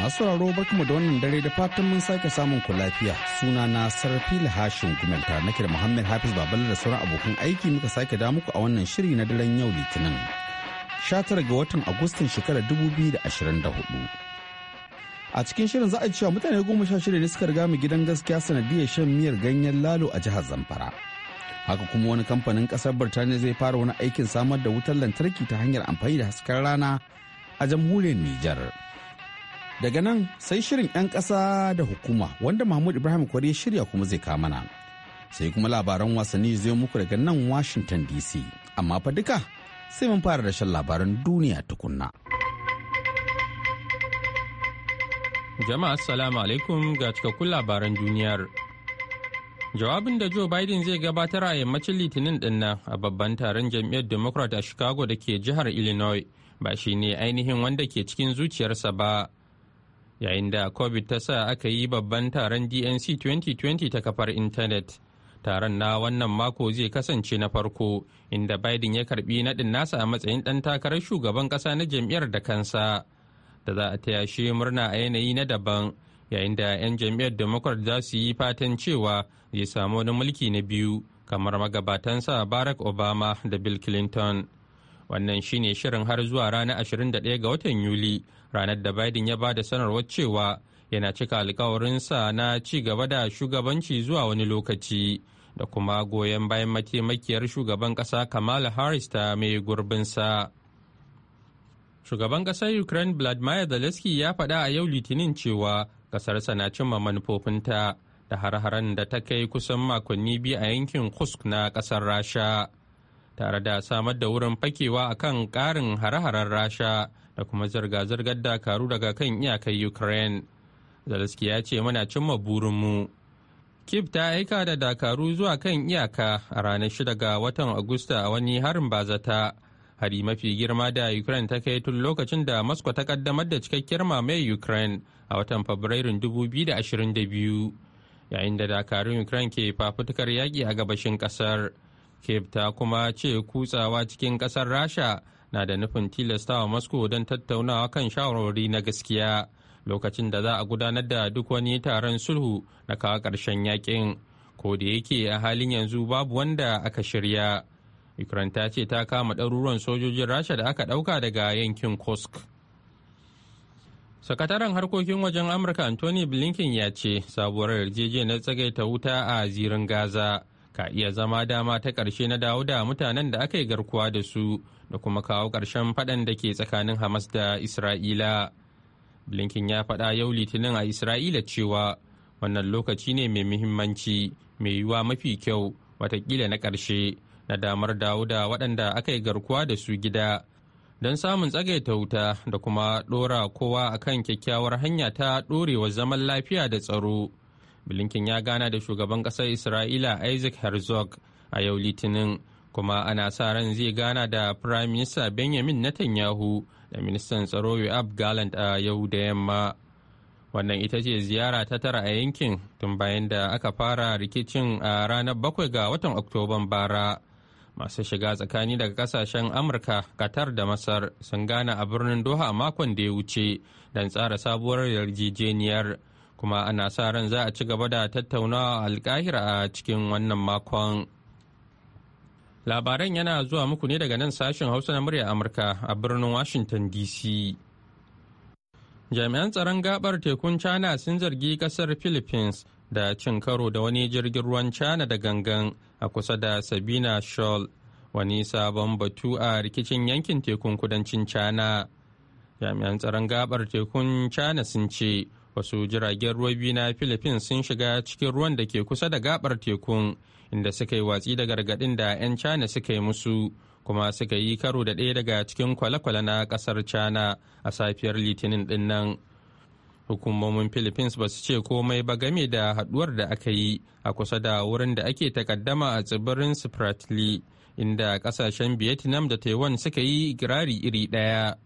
Masu sauraro barkamu da wannan dare da fatan mun sake samun ku lafiya. Suna na Sarfi Lahashin Gumenta na da Muhammad Hafiz babal da sauran abokan aiki muka sake da muku a wannan shiri na daren yau Litinin. 19 ga watan Agustan shekarar 2024. a cikin shirin za a cewa mutane goma sha shida ne suka riga mu gidan gaskiya sanadiyar shan miyar ganyen lalo a jihar zamfara haka kuma wani kamfanin kasar birtaniya zai fara wani aikin samar da wutar lantarki ta hanyar amfani da hasken rana a jamhuriyar nijar daga nan sai shirin 'yan ƙasa da hukuma wanda mahmud ibrahim kwari ya shirya kuma zai kama na sai kuma labaran wasanni zai muku daga nan washington dc amma fa duka sai mun fara da labaran duniya tukunna jama'a assalamu alaikum ga cikakkun labaran duniyar jawabin da joe biden zai gabatar a yammacin litinin dinnan a babban taron jam'iyyar democrat a chicago da ke jihar illinois ba shi ne ainihin wanda ke cikin zuciyarsa ba yayin da covid ta sa aka yi babban taron dnc 2020 ta kafar intanet taron na wannan mako zai kasance na farko inda biden ya karbi naɗin nasa a matsayin ɗan takarar shugaban ƙasa na jam'iyyar da kansa da za a taya shi murna a yanayi na daban yayin da 'yan jam'iyyar democrat za su yi fatan cewa zai samu wani mulki na biyu kamar magabatansa barack obama da bill clinton Wannan shine shirin har zuwa ranar 21 ga watan Yuli, ranar da Biden ya ba da sanarwar cewa yana cika alkawarinsa na ci gaba da shugabanci zuwa wani lokaci da kuma goyon bayan mataimakiyar shugaban kasa kamal Harris ta mai gurbinsa. Shugaban ƙasar Ukraine Vladimir Zelensky ya faɗa a yau Litinin cewa ƙasarsa na cimma manufofinta da har-haren da ta kai kusan makonni biyu a yankin Kusk na ƙasar Rasha. tare da samar da wurin fakewa a kan karin hare-haren rasha da kuma zirga-zirgar dakaru daga kan iyakar ukraine zelensky ya ce muna cimma burinmu kip ta aika da dakaru zuwa kan iyaka a ranar 6 ga watan agusta a wani harin bazata hari mafi girma da ukraine ta kai tun lokacin da moscow ta kaddamar da cikakkiyar mamaye ukraine a watan fabrairun 2022 yayin da dakarun ukraine ke fafutukar yaƙi a gabashin ƙasar. kiev ta kuma ce kutsawa cikin ƙasar rasha na da nufin tilastawa moscow don tattaunawa kan shawarwari na gaskiya lokacin da za a gudanar da duk wani taron sulhu na kawo karshen yakin ko da yake a halin yanzu babu wanda aka shirya ukraine ta ce ta kama ɗaruruwan sojojin rasha da aka ɗauka daga yankin kursk sakataren harkokin wajen amurka anthony blinken ya ce sabuwar yarjejeniyar tsagaita wuta a zirin gaza ka iya zama dama ta ƙarshe na dawo da mutanen da aka yi garkuwa da su da kuma kawo ƙarshen faɗan da ke tsakanin hamas da isra'ila blinken ya faɗa yau litinin a isra'ila cewa wannan lokaci ne mai muhimmanci mai yiwuwa mafi kyau watakila na ƙarshe na damar dawo da waɗanda aka yi garkuwa da su gida don samun tsagaita wuta da kuma ɗora kowa akan kyakkyawar hanya ta ɗorewa zaman lafiya da tsaro blinken ya gana da shugaban ƙasar isra'ila isaac herzog a yau litinin kuma ana sa ran zai gana da prime minister benjamin netanyahu da ministan tsaro yoab gallant a yau da yamma wannan ita ce ziyara ta tara a yankin tun bayan da aka fara rikicin a ranar bakwai ga watan oktoban bara masu shiga tsakani daga kasashen amurka qatar da masar sun gana a birnin doha makon da ya wuce don tsara sabuwar yarjejeniyar kuma ana sa ran za a ci gaba da tattaunawa alkahira a cikin wannan makon labaran yana zuwa muku ne daga nan sashen hausa na murya amurka a birnin washington dc jami'an tsaron gabar tekun china sun zargi kasar philippines da cin karo da wani jirgin ruwan china da gangan a kusa da sabina shoal wani sabon batu a rikicin yankin tekun kudancin china jami'an tsaron gabar tekun china sun ce wasu jiragen ruwa biyu na philippines sun shiga cikin ruwan da ke kusa da gabar tekun inda suka yi watsi da gargaɗin da 'yan china suka yi musu kuma suka yi karo da ɗaya daga cikin kwale-kwale na ƙasar china a safiyar litinin ɗin hukumomin philippines ba su ce komai ba game da haɗuwar da aka yi a kusa da wurin da ake takaddama a tsibirin spratly inda kasashen vietnam da taiwan suka yi ikirari iri ɗaya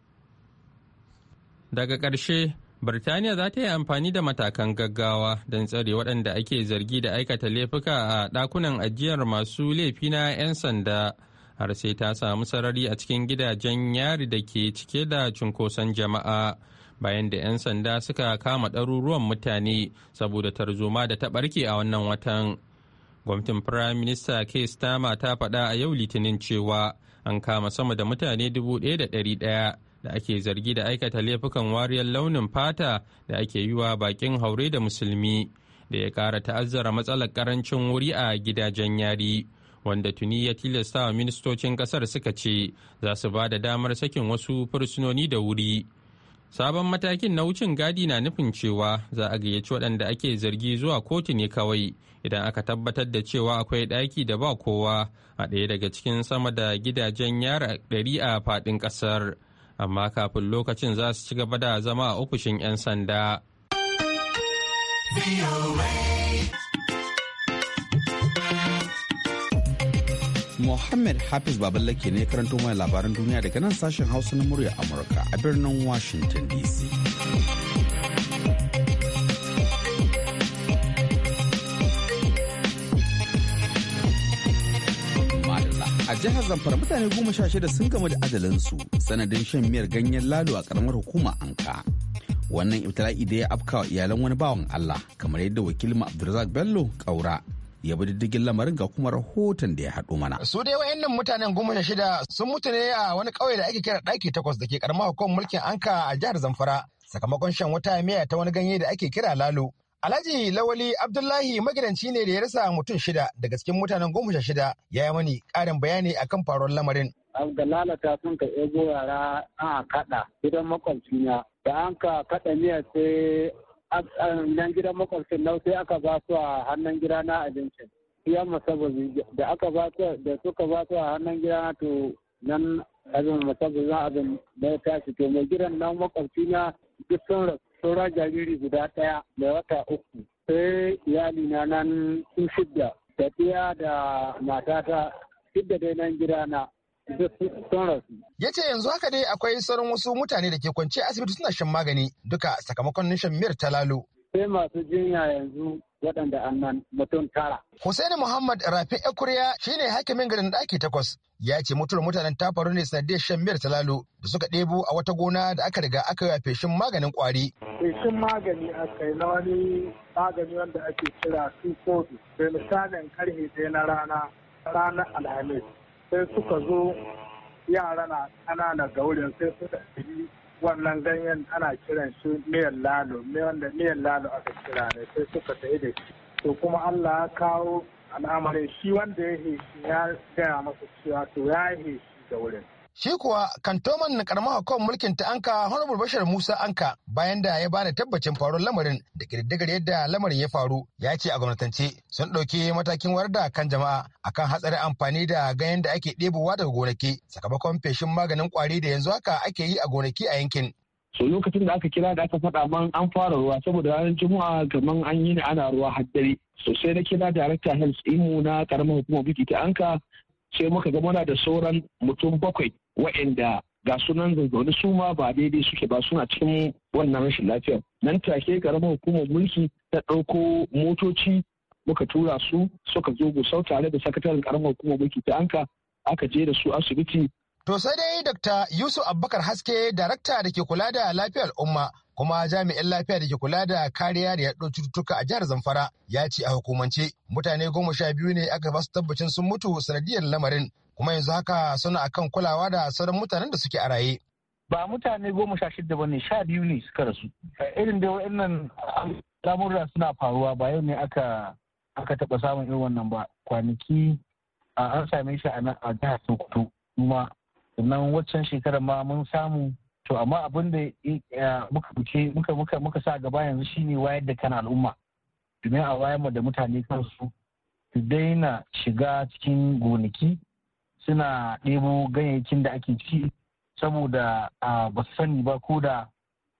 daga ƙarshe Birtaniya za ta yi amfani da matakan gaggawa don tsare waɗanda ake zargi da aikata laifuka a ɗakunan ajiyar masu laifi na 'yan sanda har sai ta samu sarari a cikin gidajen yari da ke cike da cunkoson jama'a bayan da 'yan sanda suka kama ɗaruruwan mutane saboda tarzoma da ta barke a wannan watan. Gwamnatin Firayim Minista Keir Starmer ta faɗa a yau Litinin cewa an kama sama da mutane da 1,100 da ake zargi da aikata laifukan wariyar launin fata da ake yi wa bakin haure da musulmi da ya kara ta'azzara matsalar karancin wuri a gidajen yari wanda tuni ya tilasta wa ministocin kasar suka ce za su ba da damar sakin wasu fursunoni da wuri sabon matakin na wucin gadi na nufin cewa za a gayyaci waɗanda ake zargi zuwa kotu ne kawai idan aka tabbatar da cewa akwai ɗaki da ba kowa a ɗaya daga cikin sama da gidajen yara ɗari a faɗin ƙasar amma kafin lokacin za su ci gaba da zama a ofishin 'yan sanda. Muhammad Hafiz Baballake ne karanto mai labaran duniya daga nan sashen Hausa na murya Amurka a birnin Washington DC. a jihar zamfara mutane goma sha shida sun gama da adalinsu sanadin shan miyar ganyen lalo a karamar hukuma anka wannan ibtila'i da ya afka wa iyalan wani bawan allah kamar yadda wakilin abdulrazak bello kaura ya bi diddigin lamarin ga kuma rahoton da ya haɗo mana. Su dai wayannan mutanen goma sha shida sun mutu ne a wani ƙauye da ake kira ɗaki takwas da ke karamar hukumar mulkin Anka a jihar Zamfara sakamakon shan wata miya ta wani ganye da ake kira lalo Alhaji Lawali Abdullahi magidanci ne da ya rasa mutum shida daga cikin mutanen goma sha shida ya yi mani ƙarin bayani akan faruwar lamarin. Abdullahi ta lalata sun ka ego yara an kaɗa gidan makwabcina da an ka kaɗa miya sai nan gidan makwabcin nau sai aka ba su a hannun gida na abincin. Iya masabazi da aka ba su da suka ba su a hannun gida na to nan abin na abin da ya tashi to mai gidan nan makwabcina duk sun rasu. saura jariri guda ɗaya da wata uku sai iyalina nan sun shidda da ɗiya da matata shidda dai nan gida rasu. Ya ce yanzu haka dai akwai sauran wasu mutane da ke kwance asibiti suna shan magani duka sakamakon nishan miyar ta lalo. Sai masu jinya yanzu waɗanda annan mutum tara. Hussaini Muhammad Rafi Ekuriya ne hakimin garin ɗaki takwas ya ce mutuwar mutanen ta faru ne sanadiyar shan miyar talalu da suka ɗebo a wata gona da aka riga aka yi feshin maganin ƙwari. Feshin magani a kai na wani magani wanda ake kira kofi da misalin karfe ɗaya na rana ranar alhamis sai suka zo yara na ƙanana ga wurin sai suka ɗari wannan ganyen ana kiran shi miyan lalo miyan lalo aka kira ne sai suka sayi da shi to kuma allah ya kawo al'amarin shi wanda ya heshi ya gaya masa cewa to ya heshi da wurin Shi kuwa kantoman na karamar hukumar mulkin ta Anka Honorable Bashar Musa Anka bayan da ya bada tabbacin faruwar lamarin da kididdigar yadda lamarin ya faru ya ce a gwamnatance sun ɗauki matakin warda da kan jama'a akan hatsarin amfani da ganyen da ake ɗebowa daga gonaki sakamakon feshin maganin kwari da yanzu haka ake yi a gonaki a yankin. so lokacin da aka kira da aka faɗa man an fara ruwa saboda ranar juma'a kamar an yi ne ana ruwa har dare so na kira director health imu na karamar hukumar biki ta anka sai muka ga muna da sauran mutum bakwai waɗanda ga sunan zazzaune su ma ba daidai suke ba suna cikin wannan rashin lafiyar nan take karamar hukumar mulki ta ɗauko motoci muka tura su suka zo gusau tare da sakataren karamar hukumar mulki ta anka aka je da su asibiti To sai dai Dr. Yusuf Abubakar Haske, darakta da ke kula da lafiyar umma kuma jami'in lafiya da ke kula da kariya da yaɗo cututtuka a jihar Zamfara ya ce a hukumance mutane goma sha biyu ne aka basu tabbacin sun mutu sanadiyar lamarin kuma yanzu haka suna akan kulawa da sauran mutanen da suke a raye. Ba mutane goma sha shida ba ne sha biyu ne suka rasu. Eh, irin da wa'annan lamurra suna faruwa ba yau ne aka aka taɓa samun irin wannan ba kwanaki an same shi a nan a jihar Sokoto kuma sannan waccan shekarar ma mun samu to amma abin da eh, muka muka muka sa gaba yanzu shine wayar da kana al'umma domin a wayar da mutane kansu su daina shiga cikin gonaki suna ɗebo ganyayyakin da ake ci saboda ba su sani ba ko da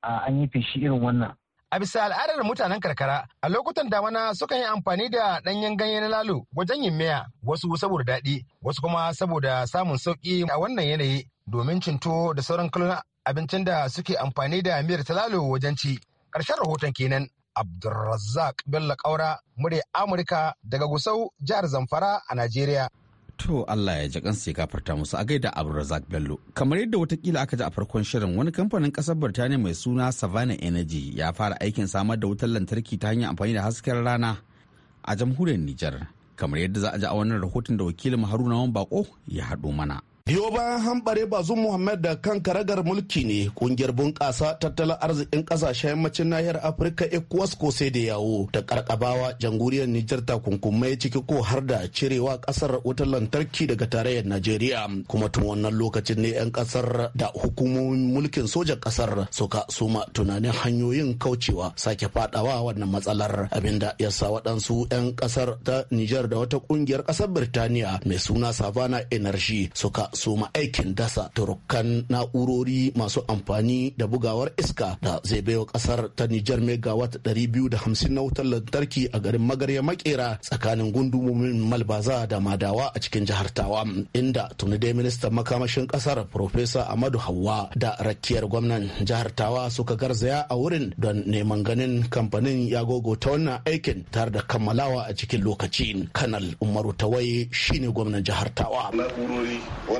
an yi feshi irin wannan. A bisa al'adar mutanen karkara, a lokutan damana sukan yi amfani da ɗanyen ganye na lalo wajen yin miya wasu saboda daɗi, wasu kuma saboda samun sauƙi a wannan yanayi domin cinto da sauran kalolin abincin da suke amfani da miyar ta lalo wajen ci. Ƙarshen rahoton kenan. Abdulrazzaq Bello Kaura, murya Amurka daga Gusau, jihar Zamfara a Najeriya. To Allah ya ji kansu ya gafarta musu a gaida Abdulrazak Bello. Kamar yadda watakila aka ji a farkon shirin wani kamfanin kasar Birtaniya mai suna Savannah Energy ya fara aikin samar da wutar lantarki ta hanyar amfani da hasken rana a jamhuriyar Nijar. Kamar yadda za a ji a wannan rahoton da wakilin Haruna Bako ya haɗo mana. Biyo bayan hambare bazu Muhammad da kan karagar mulki ne kungiyar bunƙasa tattalin arzikin ƙasashen yammacin nahiyar Afirka ECOWAS ko sai da yawo da karkabawa jamhuriyar Nijar ta ya ciki ko har da cirewa ƙasar wutar lantarki daga tarayyar Najeriya kuma tun wannan lokacin ne 'yan ƙasar da hukumomin mulkin sojan ƙasar suka suma tunanin hanyoyin kaucewa sake fadawa wannan matsalar abinda ya sa waɗansu 'yan ƙasar ta Nijar da wata kungiyar ƙasar Birtaniya mai suna Savannah Energy suka soma aikin dasa turukan na'urori masu amfani da bugawar iska da zai baiwa kasar ta Nijar megawatt hamsin na wutar lantarki a garin magarya makera tsakanin gundumomin malbaza da madawa a cikin jihar tawa inda tuni dai ministan makamashin kasar Profesa Amadu Hawa da rakiyar gwamnan jihar tawa suka garzaya a wurin don neman ganin kamfanin ya gogota wannan aikin tare da kammalawa a cikin lokaci. Kanal Umaru tawaye shine gwamnan jihar tawa.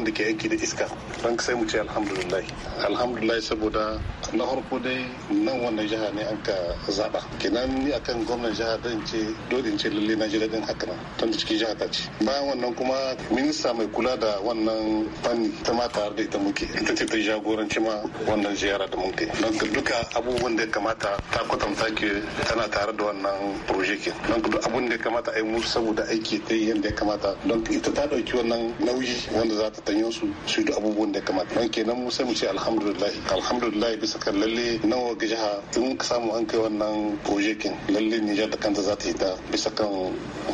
wanda ke aiki da iska don sai mu ce alhamdulillah alhamdulillah saboda na harko dai nan wannan jiha ne an ka zaɓa kenan ni akan gwamnan jiha din ce dole in ce lalle na ji daɗin haka nan tun da cikin jiha ta ce bayan wannan kuma minista mai kula da wannan fanni ta ma tare da ita muke ita ce ta jagoranci ma wannan ziyara da muke don duka abubuwan da ya kamata ta kwatanta ke tana tare da wannan proje ke don duk abun da ya kamata a yi musu saboda aiki ta yi yadda ya kamata don ita ta ɗauki wannan nauyi wanda za ta sanyo su su da abubuwan da kamata don kenan mu sai mu ce alhamdulillah alhamdulillah bisa kan lalle nawa ga jiha in ka samu an kai wannan projectin lalle Nijar da kanta za ta yi ta bisa kan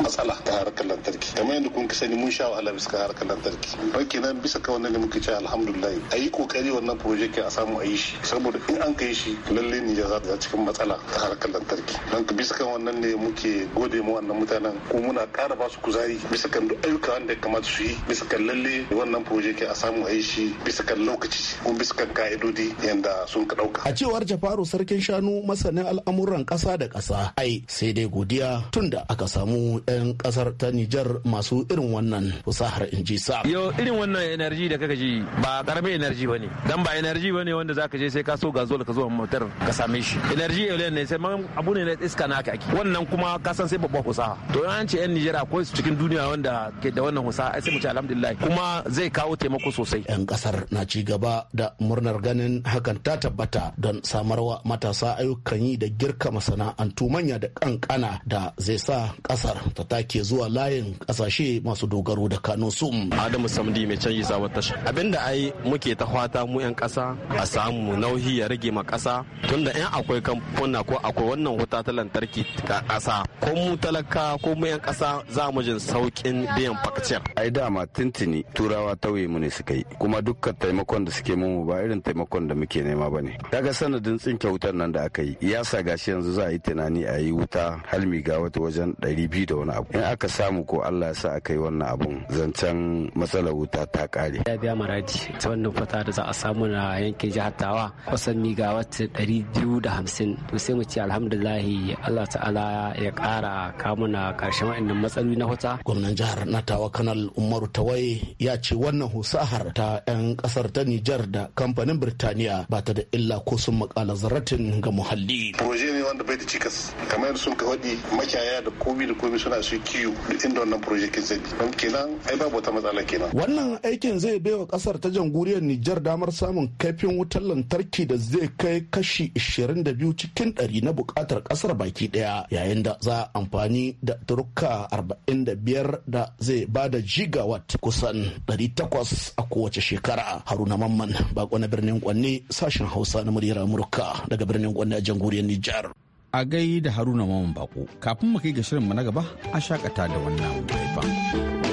matsala ta harkar lantarki kamar yadda kun sani mun sha wahala bisa kan harkar lantarki don kenan bisa kan wannan ne muke ce alhamdulillah a yi kokari wannan projekin a samu a yi shi saboda in an kai shi lalle Nijar za ta cikin matsala ta harkar lantarki don bisa kan wannan ne muke gode mu wannan mutanen ko muna ƙara ba su kuzari bisa kan duk ayyuka wanda ya kamata su yi bisa kan lalle wannan proje ke a samu a yi shi bisa kan lokaci kuma bisa kan ka'idodi yanda sun ka dauka. A cewar Jafaru sarkin shanu masanin al'amuran ƙasa da ƙasa ai sai dai godiya tunda aka samu 'yan ƙasar ta Nijar masu irin wannan fasahar inji sa. Yo irin wannan energy da kaka ji ba karamin energy bane dan ba energy bane wanda zaka je sai ka so gazol ka zo motar ka same shi. Energy ne sai abu ne na iska na ake wannan kuma ka san sai babba fasaha. To an ce 'yan Nijar akwai su cikin duniya wanda ke da wannan fasaha sai mu ce alhamdulillah kuma zai kawo taimako sosai. 'Yan kasar na ci gaba da murnar ganin hakan ta tabbata don samarwa matasa ayyukan yi da girka masana'antu manya da kankana da zai sa kasar ta take zuwa layin kasashe masu dogaro da kano sum. Adamu Samdi mai canji sabon tasha. Abinda ai muke ta fata mu 'yan kasa a samu nauyi ya rage ma kasa tunda in akwai kamfuna ko akwai wannan wuta ta lantarki ta kasa ko mu talaka ko mu 'yan kasa za mu jin saukin biyan fakciyar. Ai dama tintini turawa ta tauye mu ne suka yi kuma dukkan taimakon da suke mu ba irin taimakon da muke nema ba ne ga sanadin tsinke wutar nan da aka yi ya sa gashi yanzu za a yi tunani a yi wuta halmi ga wata wajen ɗari biyu da wani abu in aka samu ko Allah ya sa aka yi wannan abun zancen matsalar wuta ta ƙare. Ya biya maraji ta wannan fata da za a samu na yankin jihar Tawa kusan miga wata ɗari biyu da hamsin to sai mu ce alhamdulillahi Allah ta'ala ya ƙara kamuna ƙarshen wa'annan matsaloli na wuta. Gwamnan jihar Natawa Kanal Umaru Tawai ya ce wannan husahar ta 'yan kasar ta Nijar da kamfanin Birtaniya ba ta da illa ko sun makala zaratin ga muhalli. Proje ne wanda bai da cikas kamar sun ka makiyaya da komi da komi suna su kiyo duk inda wannan proje ke zai don kenan ai babu wata matsala kenan. Wannan aikin zai bai wa kasar ta jamhuriyar Nijar damar samun kaifin wutar lantarki da zai kai kashi 22 cikin 100 na bukatar kasar baki daya yayin da za a amfani da turka 45 da zai bada gigawatt kusan 100 takwas a kowace shekara haruna mamman bako na birnin kwanne sashen hausa na muryar amurka daga birnin kwanne a jamhuriyar nijar a gai da haruna mamman bako kafin mu kai ga shirin mu na gaba a shakata da wannan faifan.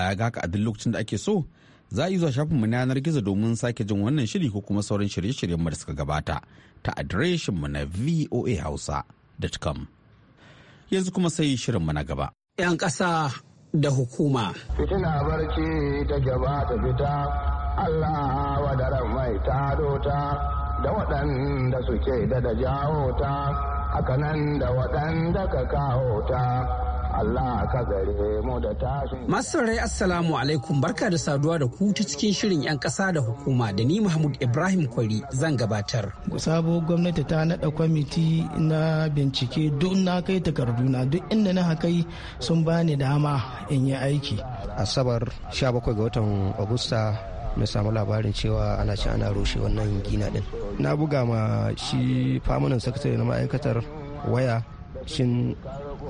baya ga haka a duk lokacin da ake so za a yi zuwa shafinmu na yanar gizo domin sake jin wannan shiri ko kuma sauran shirye-shiryen da suka gabata ta adireshinmu na voahausa.com. Yanzu kuma sai shirinmu na gaba. 'Yan ƙasa da hukuma. Fitina barci ta gaba ta fita, Allah wa da mai ta ta da waɗanda suke da da jawo ta, kanan da waɗanda ka kawo ta. Allah ka Masu Assalamu alaikum barka da saduwa da ku ta cikin shirin 'yan ƙasa da hukuma da ni Mahmud Ibrahim Kwari zan gabatar. Sabo gwamnati ta naɗa kwamiti na bincike duk na kai takarduna duk inda na hakai sun bani dama in yi aiki. Asabar 17 ga watan Agusta mai samu labarin cewa ana ci ana rushe wannan gina din na buga ma shi famunan sakatare na ma'aikatar waya shin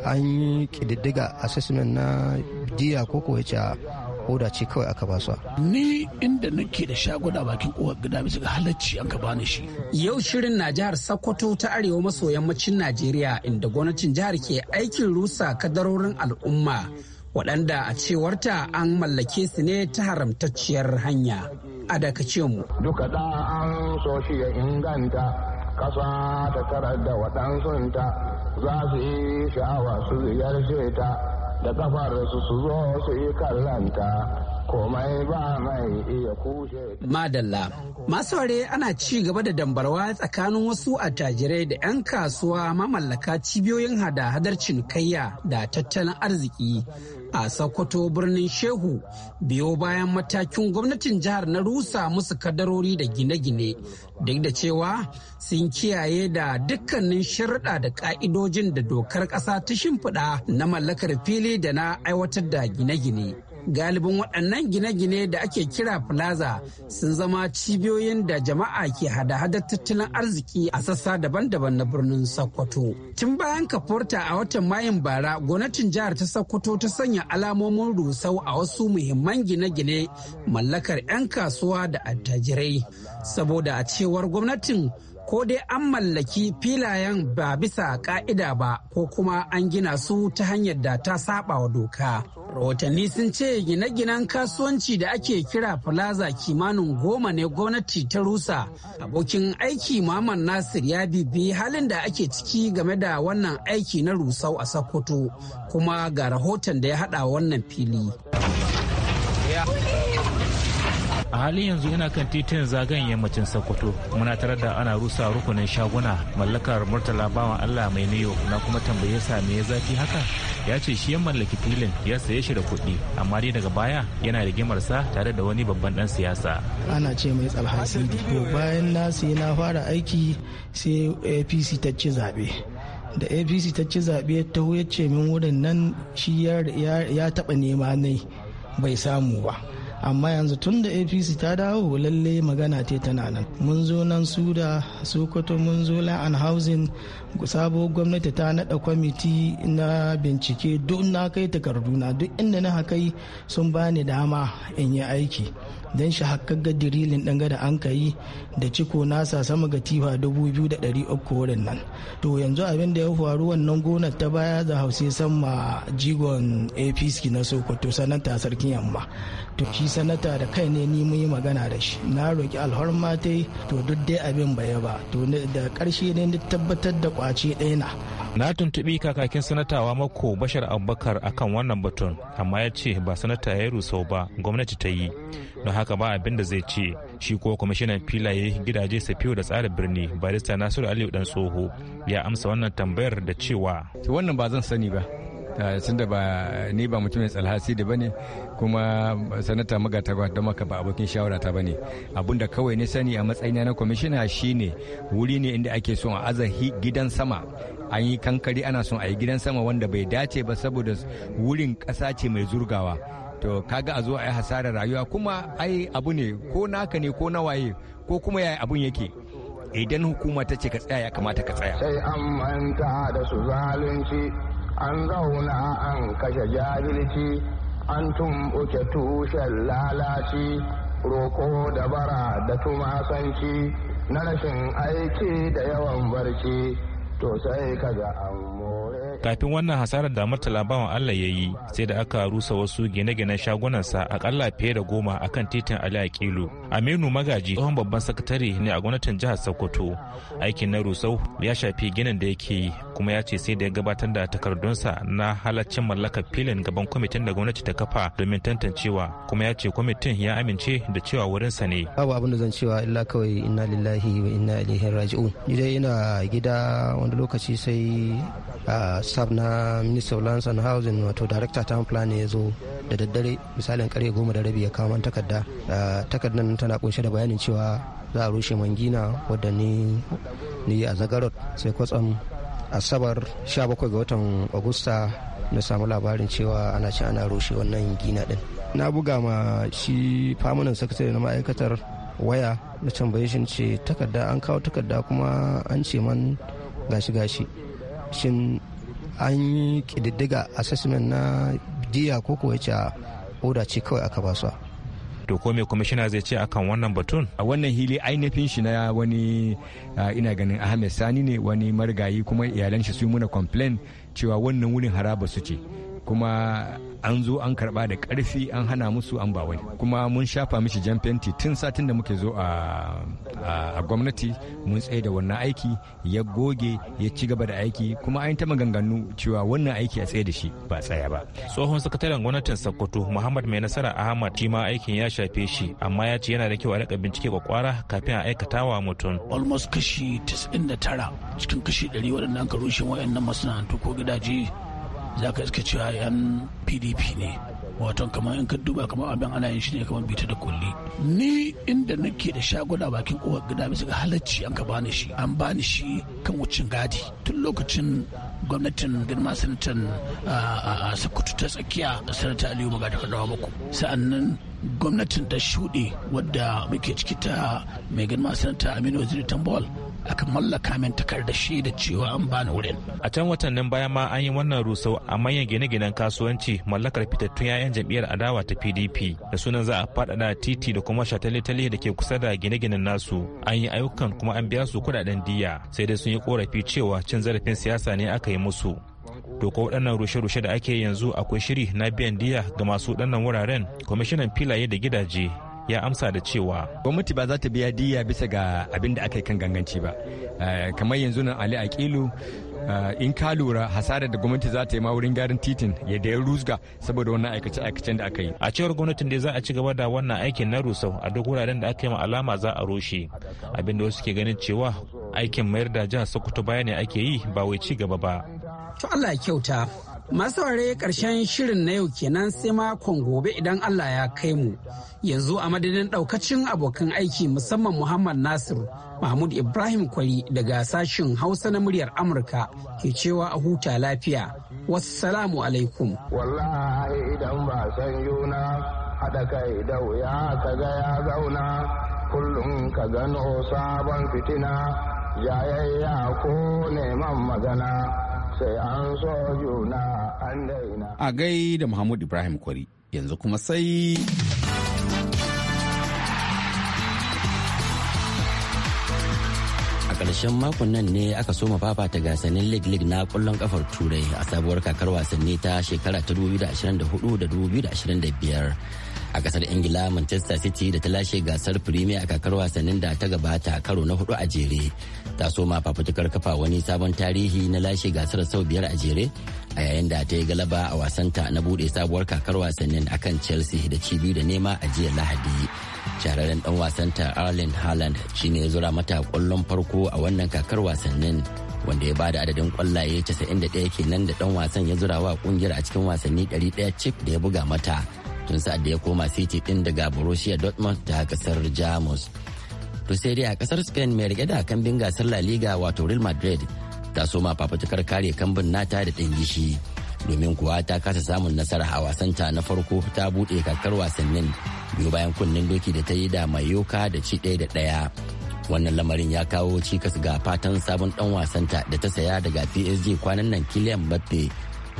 an yi kididdiga assessment na jiya ko kuwa ce oda ce kawai aka ba su. Ni inda nake da shaguna bakin kowar gida bisa ga halacci an ka bani shi. Yau shirin na jihar Sokoto ta arewa maso yammacin Najeriya inda gwamnatin jihar ke aikin rusa kadarorin al'umma waɗanda a cewarta an mallake su ne ta haramtacciyar hanya. A dakace mu. Duka da an so shi ya inganta kasa ta tarar da waɗansunta za su yi sha'awa su ziyarce ta da kafar su su zo su yi kallanta komai ba mai iya kushe. Madalla, masu ware ana ci gaba da dambarwa tsakanin wasu attajirai da 'yan kasuwa mamallaka cibiyoyin hada-hadar cinikayya da tattalin arziki a Sokoto birnin Shehu biyo bayan matakin gwamnatin jihar na rusa musu kadarori da gine-gine duk da cewa sun kiyaye da dukkanin sharuɗa da ƙa'idojin da dokar ƙasa ta shimfiɗa na mallakar fili da na aiwatar da gine-gine. galibin waɗannan gine-gine da ake kira plaza sun zama cibiyoyin da jama'a ke hada-hadar tattalin arziki a sassa daban-daban na birnin sokoto tun bayan kaforta a watan mayun bara gwamnatin jihar ta sokoto ta sanya alamomin rusau a wasu muhimman gine-gine mallakar 'yan kasuwa da attajirai saboda a cewar gwamnatin ko dai an mallaki filayen ba bisa ka'ida ba ko kuma an gina su ta hanyar da ta saba wa doka. Rahotanni sun ce gine-ginen kasuwanci da ake kira plaza kimanin goma ne gwamnati ta rusa. Abokin aiki Muhammad Nasir ya bibi halin da ake ciki game da wannan aiki na rusau a Sokoto kuma ga rahoton da ya haɗa wannan fili. a halin yanzu ina kan titin zagayen yammacin sokoto muna tare da ana rusa rukunin shaguna mallakar murtala bawan allah mai niyo na kuma tambaye sa me ya zafi haka ya ce shi ya mallaki filin ya saye shi da kuɗi amma dai daga baya yana rigimar sa tare da wani babban dan siyasa ana ce mai tsalhasidi to bayan na sai na fara aiki sai apc ta ci zaɓe da apc ta ci zaɓe ta ya ce min wurin nan shi ya taɓa nema nai bai samu ba amma yanzu tun da apc ta dawo lalle magana ce tana nan mun zo nan su da sokoto mun zo la'an housing sabo gwamnati ta naɗa kwamiti na bincike duk na kai takarduna duk inda na hakai sun bani dama in yi aiki don shi ga dirilin ɗan gada an kayi da ciko nasa sama ga tifa 2,300 wurin nan to yanzu abin da ya faru wannan gonar ta baya za san sama jigon apc na sokoto sanata sarkin yamma to shi sanata da kai ne ni yi magana da shi na roki alhormatai to duk dai abin baya ba to da karshe ne tabbatar da kwaci ɗaya na na tuntuɓi kakakin sanatawa mako bashar abubakar akan wannan batun amma ya ce ba sanata ya yi rusau ba gwamnati ta yi don haka ba abin da zai ce shi ko kwamishinan filaye gidaje safiyo da tsarin birni barista nasiru aliyu dan tsoho ya amsa wannan tambayar da cewa wannan ba zan sani ba Eh, tunda ba ni ba mutum mai tsalhasi da bane kuma sanata magata don maka ba abokin shawara ta bane abinda kawai ne sani a matsayina na kwamishina shine wuri ne inda ake son a azahi gidan sama an yi kankari ana son a yi gidan sama wanda bai dace ba saboda wurin kasa ce mai zurgawa to kaga a zo a yi hasarar rayuwa kuma ai abu ne ko naka ne ko na waye ko kuma yaya abun yake idan hukuma ta ce ka tsaya ya kamata ka tsaya sai an manta da su zalunci an zauna an kashe jahilci an tumɓuke tushen lalaci roƙo da bara da tumasanci na rashin aiki da yawan barci to sai kaga an more kafin wannan hasarar da murtala bawan allah ya yi sai da aka rusa wasu gine-ginen shagunansa akalla fiye da goma akan titin ali akilu aminu magaji tsohon babban sakatare ne a gwamnatin jihar sokoto aikin na rusau ya shafi ginin da yake yi kuma ya ce sai da ya gabatar da takardun sa na halaccin mallakar filin gaban kwamitin da gwamnati ta kafa domin tantancewa kuma ya ce kwamitin ya amince da cewa wurinsa ne babu abin da zan cewa illa kawai inna lillahi wa inna ilaihi raji'un idan yana gida wani lokaci sai ah, staff na minister of lands and housing wato director town plan ya zo da daddare misalin kare goma da rabi ya kawo man takarda takardar nan tana kunshe da bayanin cewa za a rushe mangina wadda ni a zagarot sai kwatsam asabar 17 ga watan agusta na samu labarin cewa ana ci ana rushe wannan gina din na buga ma shi famunan sakatare na ma'aikatar waya na tambaye shi ce takarda an kawo takarda kuma an ce man gashi gashi shin an yi kididdiga assessment na jiya ko kuwa ce oda ce kawai aka ba su to ko me kwamishina zai ce akan wannan batun a wannan hili ainihin shi na wani ina ganin ahmed sani ne wani marigayi kuma iyalan shi su muna complain cewa wannan wurin haraba su ce kuma an zo an karba da karfi an hana musu an ba wani kuma mun shafa mishi jan fenti tun satin da muke zo a gwamnati mun tsaye da wannan aiki ya goge ya ci gaba da aiki kuma an ta maganganu cewa wannan aiki a tsaye da shi ba tsaya ba tsohon sakataren gwamnatin sokoto muhammad mai nasara ahmad shi ma aikin ya shafe shi amma ya ce yana da kyau a rika bincike kwakwara kafin a aikata wa mutum almost kashi 99 cikin kashi 100 waɗannan ka rushe wayannan masana'antu ko gidaje za ka iska cewa yan pdp ne wato kamar in ka duba kamar abin ana yin shi ne kamar bita da kulli ni inda nake da shaguna bakin kowar gida bisa ga halarci an ka bani shi an bani shi kan wucin gadi tun lokacin gwamnatin girma sanatan a sakutu ta tsakiya da sanata aliyu maga daga dawa muku nan gwamnatin ta shuɗe wadda muke ciki ta mai girma sanata aminu waziri tambol aka mallaka min takardar shi da cewa an bani wurin a can watannin baya ma an yi wannan rusau a manyan gine-ginen kasuwanci mallakar fitattun 'ya'yan jam'iyyar adawa ta pdp da sunan za a faɗaɗa titi da kuma shatale-tale da ke kusa da gine-ginen nasu an yi ayyukan kuma an biya su kuɗaɗen diya sai dai sun yi korafi cewa cin zarafin siyasa ne aka yi musu to ko waɗannan rushe-rushe da ake yanzu akwai shiri na biyan diya ga masu waɗannan wuraren kwamishinan filaye da gidaje ya amsa da cewa gwamnati ba za ta biya diya bisa ga abin da aka yi kan ganganci ba eh, kamar yanzu nan ali aƙilu eh, in ka lura hasarar da gwamnati za ta yi ma wurin gyaran titin ya da ya rusga saboda wannan aikace aikacen da aka yi a cewar gwamnatin da za a ci gaba da wannan aikin na rusau a duk wuraren da aka yi ma alama za a rushe abin da wasu ke ganin cewa aikin mayar da jihar sokoto baya ne ake yi ba wai ci gaba ba to Allah ya kyauta masu ware karshen shirin na yau kenan sai makon gobe idan Allah ya kai mu. Yanzu a madadin daukacin abokan aiki musamman Muhammad Nasir Mahmud Ibrahim Kwari daga sashin Hausa na muryar Amurka ke cewa a huta lafiya. Wassalamu alaikum. Wallahi idan ba san yuna haɗa kai da wuya ka ga ya zauna kullum ka gano sabon fitina jayayya ko neman magana sai an so juna. A gai da Muhammad Ibrahim Kwari yanzu kuma sai. A ƙarshen makon nan ne aka soma ta gasanin lig lig na ƙwallon ƙafar Turai a sabuwar kakar wasanni ta shekara ta 2024 da 2025. A ƙasar Ingila, Manchester City da ta lashe gasar Premier a kakar wasannin da ta gabata karo na hudu a jere. Ta soma fafutukar kafa wani sabon tarihi na lashe gasar sau biyar a jere a yayin da ta yi galaba a wasanta na bude sabuwar kakar wasannin akan chelsea da cibi da nema a jiya lahadi shahararren dan wasanta arlen haaland shine ya zura mata kwallon farko a wannan kakar wasannin wanda ya bada adadin kwallaye 91 kenan da dan wasan ya zura wa kungiyar a cikin wasanni 100 chip da ya buga mata tun sa'ad da ya koma city din daga borussia dortmund ta kasar jamus to a kasar spain mai rike da kambin gasar la liga wato real madrid ta soma fafutukar kare kambin nata da ɗin gishi domin kuwa ta kasa samun nasara a wasanta na farko ta buɗe kakar wasannin biyu bayan kunnen doki da ta yi da mai yoka da ci ɗaya da ɗaya wannan lamarin ya kawo cikas ga fatan sabon ɗan wasanta da ta saya daga psg kwanan nan kilian mbappe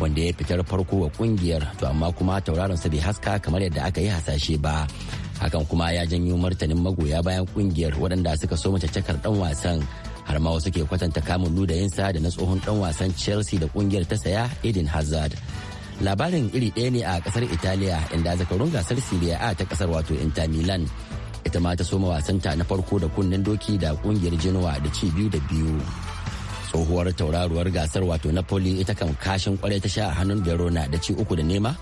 wanda ya fitar farko wa kungiyar to amma kuma tauraron sa bai haska kamar yadda aka yi hasashe ba hakan kuma ya janyo martanin magoya bayan kungiyar waɗanda suka so mace cakar ɗan wasan har ma wasu ke kwatanta kamun ludayinsa da na tsohon dan wasan chelsea da kungiyar ta saya eden hazard labarin iri ɗaya ne a kasar italiya inda zakarun gasar serie a ta kasar wato inter milan ita ma ta soma wasanta na farko da kunnen doki da kungiyar genoa da ci biyu da biyu tsohuwar tauraruwar gasar wato napoli ita kan kashin kwarai ta sha a hannun verona da ci uku da nema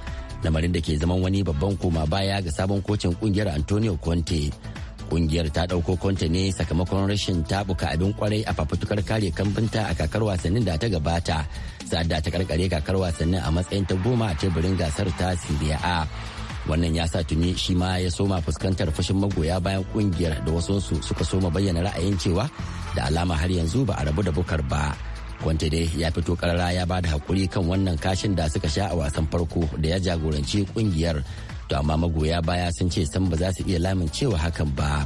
lamarin da ke zaman wani babban koma baya ga sabon kocin kungiyar antonio conte kungiyar ta dauko konta ne sakamakon rashin tabuka abin kwarai a fafutukar kare kambinta a kakar wasannin da ta gabata sa'adda ta karkare kakar wasannin a matsayin ta goma a teburin gasar ta siriya a wannan ya sa tuni shi ma ya soma fuskantar fushin magoya bayan kungiyar da wasu suka soma bayyana ra'ayin cewa da alama har yanzu ba a rabu da bukar ba Kwante dai ya fito karara ya ba da haƙuri kan wannan kashin da suka sha a wasan farko da ya jagoranci kungiyar to amma magoya baya sun ce san ba za su iya lamincewa hakan ba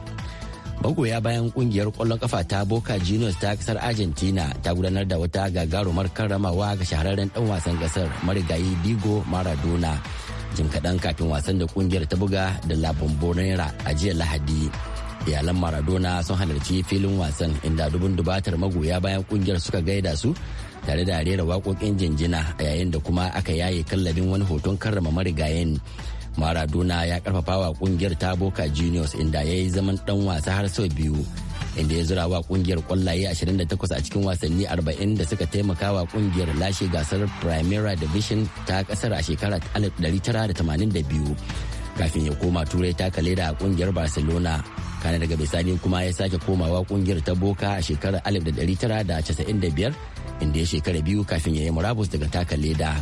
magoya bayan kungiyar kwallon kafa ta boka juniors ta kasar argentina ta gudanar da wata gagarumar karramawa ga shahararren dan wasan kasar marigayi digo maradona jim kaɗan kafin wasan da kungiyar ta buga da la bombonera a jiya lahadi iyalan maradona sun halarci filin wasan inda dubun dubatar magoya bayan kungiyar suka gaida su tare da rera waƙoƙin jinjina a yayin da kuma aka yaye kallabin wani hoton karrama marigayen maradona ya karfafa wa kungiyar ta boca juniors inda ya yi zaman dan wasa har sau biyu inda ya zura wa kungiyar kwallaye 28 a cikin wasanni 40 da suka taimaka wa kungiyar lashe gasar primera division ta kasar a shekarar 1982 kafin ya koma turai taka leda a kungiyar barcelona kana daga bisani kuma ya sake komawa kungiyar ta boka a shekarar 1995 inda ya shekara biyu kafin ya yi murabus daga taka leda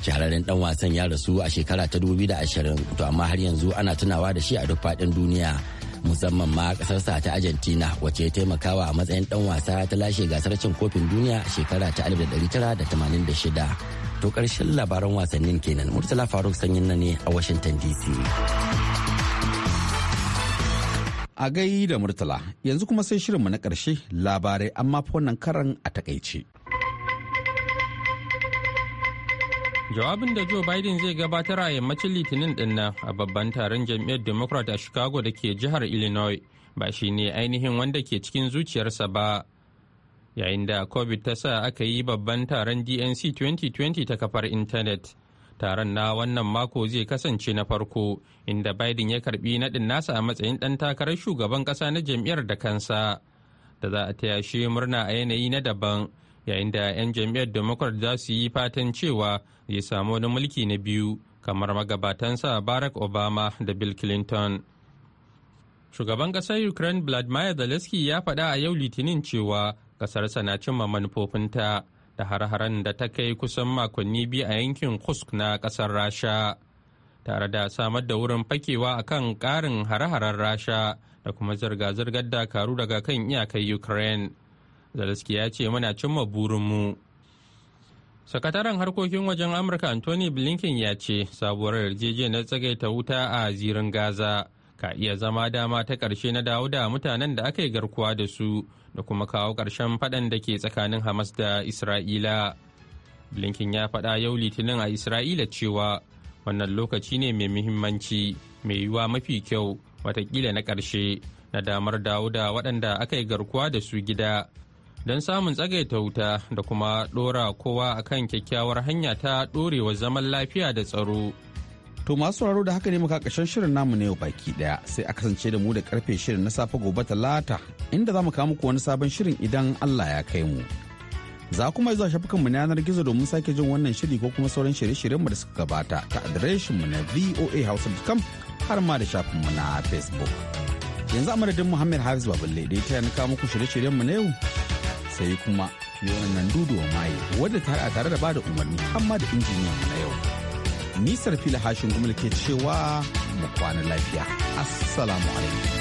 shahararren dan wasan ya rasu a shekara ta 2020 to amma har yanzu ana tunawa da shi a duk faɗin duniya musamman ma sa ta argentina wacce ya taimakawa a matsayin dan wasa ta lashe gasar cin kofin duniya a shekara ta 1986 to ƙarshen labaran wasannin kenan murtala faruk sanyin na ne a washington dc a gai da murtala yanzu kuma sai shirinmu na ƙarshe labarai amma fa wannan karan a takaice Jawabin da Joe Biden zai gabatar a yammacin Litinin din nan a babban taron jam'iyyar Democrat a Chicago da ke jihar Illinois ba shi ne ainihin wanda ke cikin zuciyarsa ba. Yayin da COVID ta sa aka yi babban taron DNC 2020 ta kafar intanet. Taron na wannan mako zai kasance na farko inda Biden ya karbi naɗin nasa a matsayin ɗan takarar shugaban ƙasa na jam'iyyar da kansa. Da za a taya shi murna a yanayi na daban yayin da 'yan jam'iyyar democrat za su yi fatan cewa zai samu wani mulki na biyu kamar magabatansa barack obama da bill clinton shugaban ƙasar ukraine vladimir zelensky ya faɗa a yau litinin cewa ƙasarsa na cimma manufofinta da har-haren da ta kai kusan makonni biyu a yankin kusk na ƙasar rasha tare da samar da wurin fakewa a kan ƙarin hare-haren rasha da kuma zirga-zirgar dakaru daga kan iyakar ukraine Zelensky ya ce muna cimma burinmu. Sakataren harkokin wajen Amurka Anthony Blinken ya ce sabuwar yarjejeniyar tsagaita wuta a zirin Gaza ka iya zama dama ta ƙarshe na dawo da mutanen da aka yi garkuwa da su da kuma kawo ƙarshen faɗan da ke tsakanin Hamas da Isra'ila. Blinken ya faɗa yau Litinin a Isra'ila cewa wannan lokaci ne mai muhimmanci mai yiwuwa mafi kyau watakila na ƙarshe na damar dawo da waɗanda aka yi garkuwa da su gida don samun tsagaita wuta da kuma dora kowa a kan kyakkyawar hanya ta dorewa zaman lafiya da tsaro. To masu sauraro da haka ne muka ƙarshen shirin namu na yau baki daya sai a kasance da mu da karfe shirin na safe gobe talata inda za mu kawo muku wani sabon shirin idan Allah ya kai mu. Za kuma zuwa shafukanmu na yanar gizo domin sake jin wannan shiri ko kuma sauran shirye-shiryenmu da suka gabata ta adireshinmu na voahouse.com har ma da shafinmu na Facebook. Yanzu a madadin Muhammad Hafiz Baballe da ya taya na kawo muku shirye-shiryenmu na yau sai kuma yonan dudu maye wadda ta a tare da ba da umarni amma da injiniya na yau nisar fila hashin gumul ke cewa mu kwana lafiya assalamu alaikum